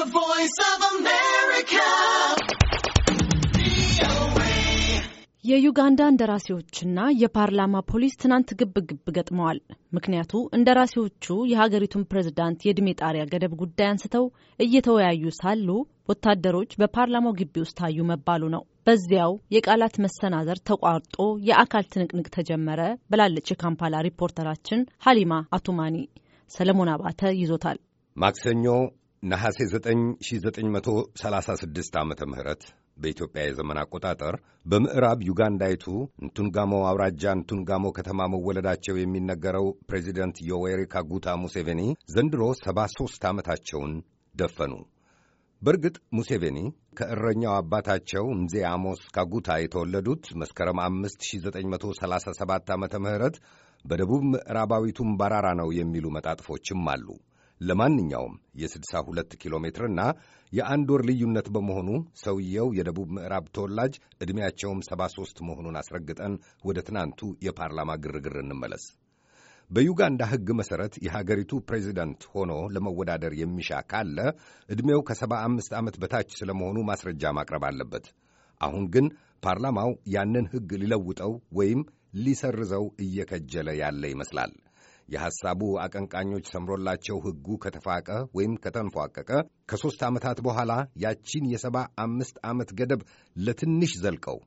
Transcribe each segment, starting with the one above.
The Voice of America. የዩጋንዳ እንደራሴዎችና የፓርላማ ፖሊስ ትናንት ግብ ግብ ገጥመዋል። ምክንያቱ እንደራሴዎቹ የሀገሪቱን ፕሬዝዳንት የእድሜ ጣሪያ ገደብ ጉዳይ አንስተው እየተወያዩ ሳሉ ወታደሮች በፓርላማው ግቢ ውስጥ ታዩ መባሉ ነው። በዚያው የቃላት መሰናዘር ተቋርጦ የአካል ትንቅንቅ ተጀመረ ብላለች የካምፓላ ሪፖርተራችን ሀሊማ አቱማኒ። ሰለሞን አባተ ይዞታል። ማክሰኞ ነሐሴ 9936 ዓ ም በኢትዮጵያ የዘመን አቆጣጠር በምዕራብ ዩጋንዳይቱ እንቱንጋሞ አውራጃ እንቱንጋሞ ከተማ መወለዳቸው የሚነገረው ፕሬዚደንት ዮዌሪ ካጉታ ሙሴቬኒ ዘንድሮ 73 ዓመታቸውን ደፈኑ። በእርግጥ ሙሴቬኒ ከእረኛው አባታቸው ምዜ አሞስ ካጉታ የተወለዱት መስከረም 5937 ዓ ም በደቡብ ምዕራባዊቱም ባራራ ነው የሚሉ መጣጥፎችም አሉ። ለማንኛውም የ62 ኪሎ ሜትርና የአንድ ወር ልዩነት በመሆኑ ሰውየው የደቡብ ምዕራብ ተወላጅ ዕድሜያቸውም 73 መሆኑን አስረግጠን ወደ ትናንቱ የፓርላማ ግርግር እንመለስ። በዩጋንዳ ሕግ መሠረት የሀገሪቱ ፕሬዚደንት ሆኖ ለመወዳደር የሚሻ ካለ ዕድሜው ከ75 ዓመት በታች ስለመሆኑ ማስረጃ ማቅረብ አለበት። አሁን ግን ፓርላማው ያንን ሕግ ሊለውጠው ወይም ሊሰርዘው እየከጀለ ያለ ይመስላል። የሐሳቡ አቀንቃኞች ሰምሮላቸው ሕጉ ከተፋቀ ወይም ከተንፏቀቀ ከሦስት ዓመታት በኋላ ያቺን የሰባ አምስት ዓመት ገደብ ለትንሽ ዘልቀው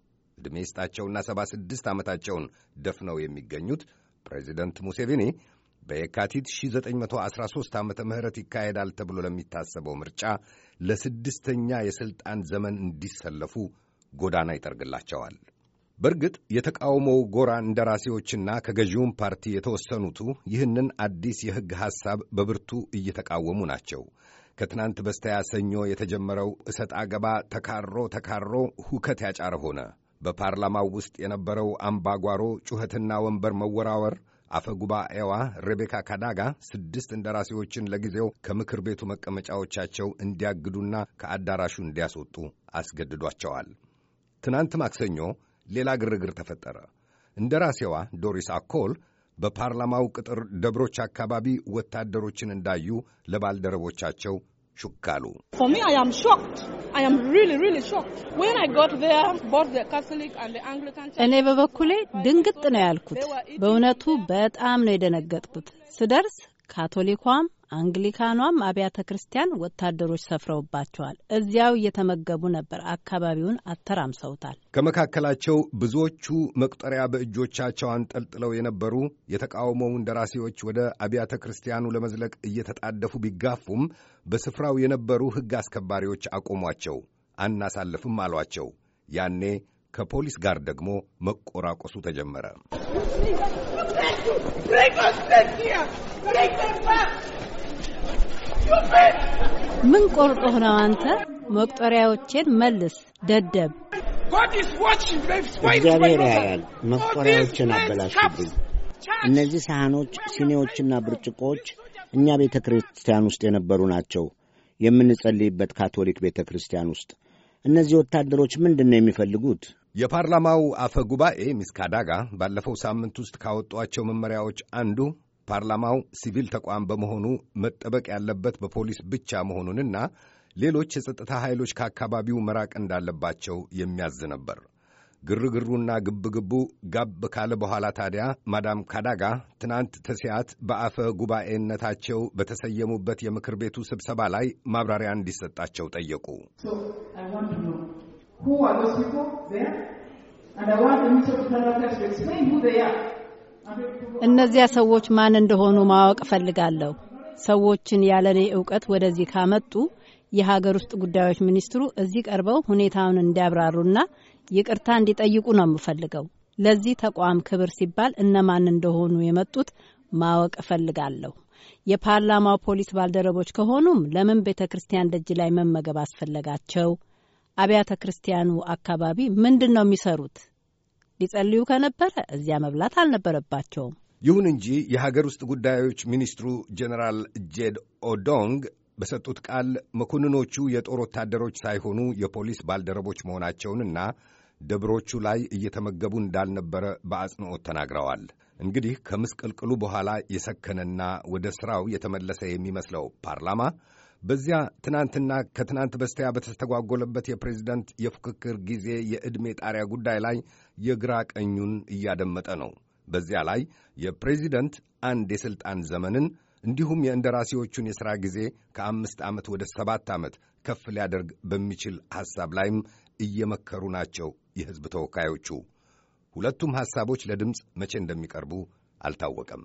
ዕድሜ ስጣቸውና ሰባ ስድስት ዓመታቸውን ደፍነው የሚገኙት ፕሬዚደንት ሙሴቬኒ በየካቲት 1913 ዓ ምህረት ይካሄዳል ተብሎ ለሚታሰበው ምርጫ ለስድስተኛ የሥልጣን ዘመን እንዲሰለፉ ጎዳና ይጠርግላቸዋል። በእርግጥ የተቃውሞው ጎራ እንደራሴዎችና ከገዢውም ፓርቲ የተወሰኑቱ ይህንን አዲስ የሕግ ሐሳብ በብርቱ እየተቃወሙ ናቸው። ከትናንት በስተያ ሰኞ የተጀመረው እሰጥ አገባ ተካሮ ተካሮ ሁከት ያጫረ ሆነ። በፓርላማው ውስጥ የነበረው አምባጓሮ ጩኸትና ወንበር መወራወር አፈ ጉባኤዋ ሬቤካ ካዳጋ ስድስት እንደራሴዎችን ለጊዜው ከምክር ቤቱ መቀመጫዎቻቸው እንዲያግዱና ከአዳራሹ እንዲያስወጡ አስገድዷቸዋል። ትናንት ማክሰኞ ሌላ ግርግር ተፈጠረ። ራሴዋ ዶሪስ አኮል በፓርላማው ቅጥር ደብሮች አካባቢ ወታደሮችን እንዳዩ ለባልደረቦቻቸው ሹክ አሉ። እኔ በበኩሌ ድንግጥ ነው ያልኩት። በእውነቱ በጣም ነው የደነገጥኩት። ስደርስ ካቶሊኳም አንግሊካኗም አብያተ ክርስቲያን ወታደሮች ሰፍረውባቸዋል። እዚያው እየተመገቡ ነበር። አካባቢውን አተራምሰውታል። ከመካከላቸው ብዙዎቹ መቁጠሪያ በእጆቻቸው አንጠልጥለው የነበሩ የተቃውሞውን ደራሲዎች ወደ አብያተ ክርስቲያኑ ለመዝለቅ እየተጣደፉ ቢጋፉም በስፍራው የነበሩ ሕግ አስከባሪዎች አቆሟቸው። አናሳልፍም አሏቸው። ያኔ ከፖሊስ ጋር ደግሞ መቆራቆሱ ተጀመረ። ምን ቆርጦህ ነው አንተ? መቁጠሪያዎቼን መልስ ደደብ። እግዚአብሔር ያያል። መቁጠሪያዎችን አበላሽብኝ። እነዚህ ሳህኖች፣ ሲኔዎችና ብርጭቆዎች እኛ ቤተ ክርስቲያን ውስጥ የነበሩ ናቸው፣ የምንጸልይበት ካቶሊክ ቤተ ክርስቲያን ውስጥ። እነዚህ ወታደሮች ምንድን ነው የሚፈልጉት? የፓርላማው አፈ ጉባኤ ሚስካዳጋ ባለፈው ሳምንት ውስጥ ካወጧቸው መመሪያዎች አንዱ ፓርላማው ሲቪል ተቋም በመሆኑ መጠበቅ ያለበት በፖሊስ ብቻ መሆኑንና ሌሎች የጸጥታ ኃይሎች ከአካባቢው መራቅ እንዳለባቸው የሚያዝ ነበር። ግርግሩና ግብግቡ ጋብ ካለ በኋላ ታዲያ ማዳም ካዳጋ ትናንት ተሲያት በአፈ ጉባኤነታቸው በተሰየሙበት የምክር ቤቱ ስብሰባ ላይ ማብራሪያ እንዲሰጣቸው ጠየቁ። እነዚያ ሰዎች ማን እንደሆኑ ማወቅ እፈልጋለሁ። ሰዎችን ያለኔ እውቀት ወደዚህ ካመጡ የሀገር ውስጥ ጉዳዮች ሚኒስትሩ እዚህ ቀርበው ሁኔታውን እንዲያብራሩና ይቅርታ እንዲጠይቁ ነው የምፈልገው። ለዚህ ተቋም ክብር ሲባል እነማን እንደሆኑ የመጡት ማወቅ እፈልጋለሁ። የፓርላማው ፖሊስ ባልደረቦች ከሆኑም ለምን ቤተ ክርስቲያን ደጅ ላይ መመገብ አስፈለጋቸው? አብያተ ክርስቲያኑ አካባቢ ምንድን ነው የሚሰሩት? ሊጸልዩ ከነበረ እዚያ መብላት አልነበረባቸውም። ይሁን እንጂ የሀገር ውስጥ ጉዳዮች ሚኒስትሩ ጀኔራል ጄድ ኦዶንግ በሰጡት ቃል መኮንኖቹ የጦር ወታደሮች ሳይሆኑ የፖሊስ ባልደረቦች መሆናቸውንና ደብሮቹ ላይ እየተመገቡ እንዳልነበረ በአጽንኦት ተናግረዋል። እንግዲህ ከምስቅልቅሉ በኋላ የሰከነና ወደ ሥራው የተመለሰ የሚመስለው ፓርላማ በዚያ ትናንትና ከትናንት በስቲያ በተስተጓጎለበት የፕሬዚደንት የፉክክር ጊዜ የዕድሜ ጣሪያ ጉዳይ ላይ የግራ ቀኙን እያደመጠ ነው። በዚያ ላይ የፕሬዚደንት አንድ የሥልጣን ዘመንን እንዲሁም የእንደራሴዎቹን የሥራ ጊዜ ከአምስት ዓመት ወደ ሰባት ዓመት ከፍ ሊያደርግ በሚችል ሐሳብ ላይም እየመከሩ ናቸው የሕዝብ ተወካዮቹ። ሁለቱም ሐሳቦች ለድምፅ መቼ እንደሚቀርቡ አልታወቀም።